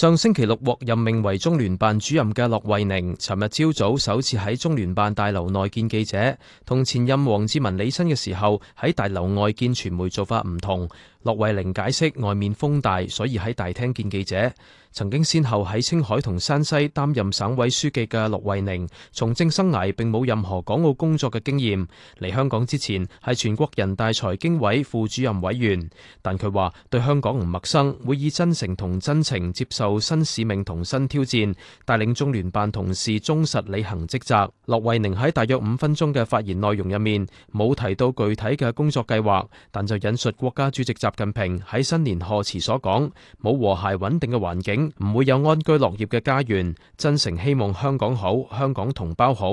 上星期六獲任命為中聯辦主任嘅駱惠寧，尋日朝早首次喺中聯辦大樓內見記者，同前任王志文李新嘅時候喺大樓外見傳媒做法唔同。駱惠寧解釋外面風大，所以喺大廳見記者。曾經先後喺青海同山西擔任省委書記嘅駱惠寧從政生涯並冇任何港澳工作嘅經驗。嚟香港之前係全國人大財經委副主任委員，但佢話對香港唔陌生，會以真誠同真情接受新使命同新挑戰，帶領中聯辦同事忠實履行職責。駱惠寧喺大約五分鐘嘅發言內容入面冇提到具體嘅工作計劃，但就引述國家主席習習近平喺新年賀詞所講，冇和諧穩定嘅環境，唔會有安居樂業嘅家園。真誠希望香港好，香港同胞好。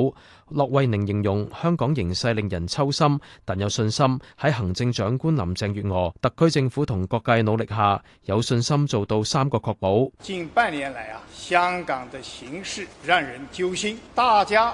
駱惠寧形容香港形勢令人揪心，但有信心喺行政長官林鄭月娥、特區政府同各界努力下，有信心做到三個確保。近半年來啊，香港嘅形勢讓人揪心，大家。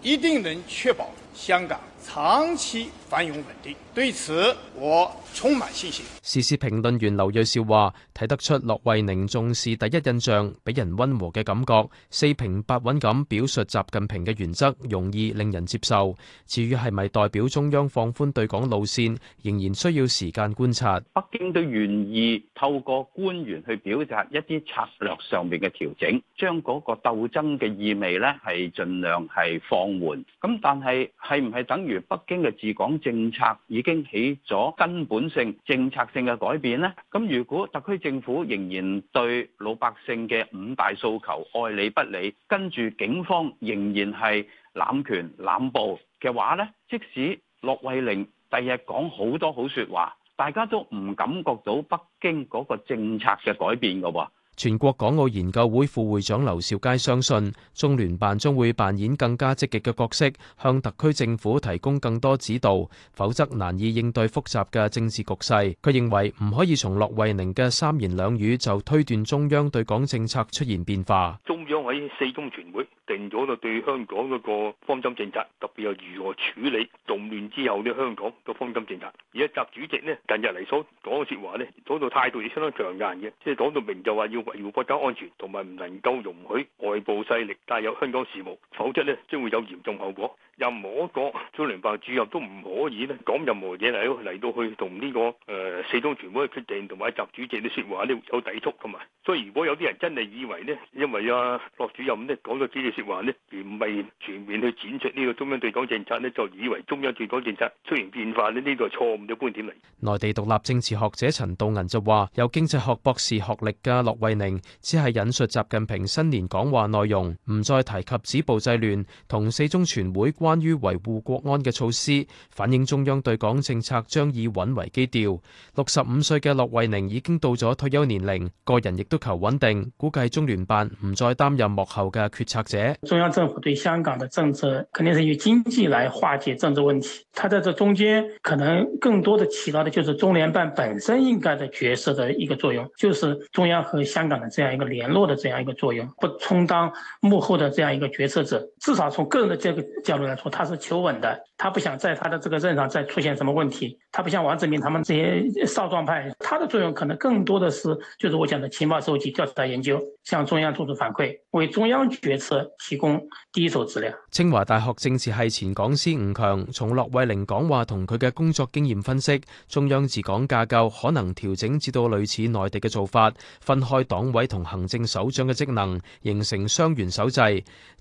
一定能確保香港。長期繁榮穩定，對此我充滿信心。時事評論員劉銳紹話：睇得出駱惠寧重視第一印象，俾人溫和嘅感覺。四平八穩咁表述習近平嘅原則，容易令人接受。至於係咪代表中央放寬對港路線，仍然需要時間觀察。北京都願意透過官員去表達一啲策略上面嘅調整，將嗰個鬥爭嘅意味咧係盡量係放緩。咁但係係唔係等於？北京嘅治港政策已經起咗根本性、政策性嘅改變。咧，咁如果特區政府仍然對老百姓嘅五大訴求愛理不理，跟住警方仍然係濫權濫暴嘅話，咧，即使駱惠寧第日講好多好說話，大家都唔感覺到北京嗰個政策嘅改變嘅。全國港澳研究會副會長劉兆佳相信，中聯辦將會扮演更加積極嘅角色，向特區政府提供更多指導，否則難以應對複雜嘅政治局勢。佢認為唔可以從駱惠寧嘅三言兩語就推斷中央對港政策出現變化。央喺四中全會定咗個對香港嗰個方針政策，特別又如何處理動亂之後呢香港個方針政策。而家習主席呢近日嚟所講嘅說說話呢，講到態度亦相當強硬嘅，即係講到明就話要維護國家安全，同埋唔能夠容許外部勢力介入香港事務，否則呢將會有嚴重後果。任何一個中聯辦主任都唔可以呢講任何嘢嚟到嚟到去同呢、這個誒、呃、四中全會嘅決定同埋習主席嘅說話呢有抵觸噶嘛。所以如果有啲人真係以為呢，因為啊。駱主任咧講咗幾句説話呢，而唔係全面去展出呢個中央對港政策呢，就以為中央對港政策出現變化咧，呢個錯誤嘅觀點嚟。內地獨立政治學者陳道銀就話：有經濟學博士學歷嘅駱惠寧只係引述習近平新年講話內容，唔再提及止暴制亂同四中全會關於維護國安嘅措施，反映中央對港政策將以穩為基調。六十五歲嘅駱惠寧已經到咗退休年齡，個人亦都求穩定，估計中聯辦唔再擔。擔任幕後的決策者，中央政府對香港的政策肯定是以經濟來化解政治問題。他在這中間可能更多的起到的，就是中聯辦本身應該的角色的一個作用，就是中央和香港的這樣一個聯絡的這樣一個作用，不充當幕後的這樣一個決策者。至少從個人的這個角度來說，他是求穩的，他不想在他的這個任上再出現什麼問題。他不像王志民他們這些少壯派，他的作用可能更多的是，就是我講的情報收集、調查研究，向中央做出反饋。為中央決策提供第一手資料。清華大學政治系前講師吳強從駱惠寧講話同佢嘅工作經驗分析，中央治港架構可能調整至到類似內地嘅做法，分開黨委同行政首長嘅職能，形成雙元首制。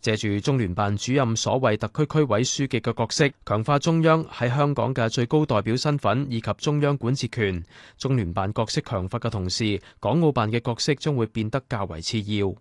借住中聯辦主任所謂特區區委書記嘅角色，強化中央喺香港嘅最高代表身份以及中央管治權。中聯辦角色強化嘅同時，港澳辦嘅角色將會變得較為次要。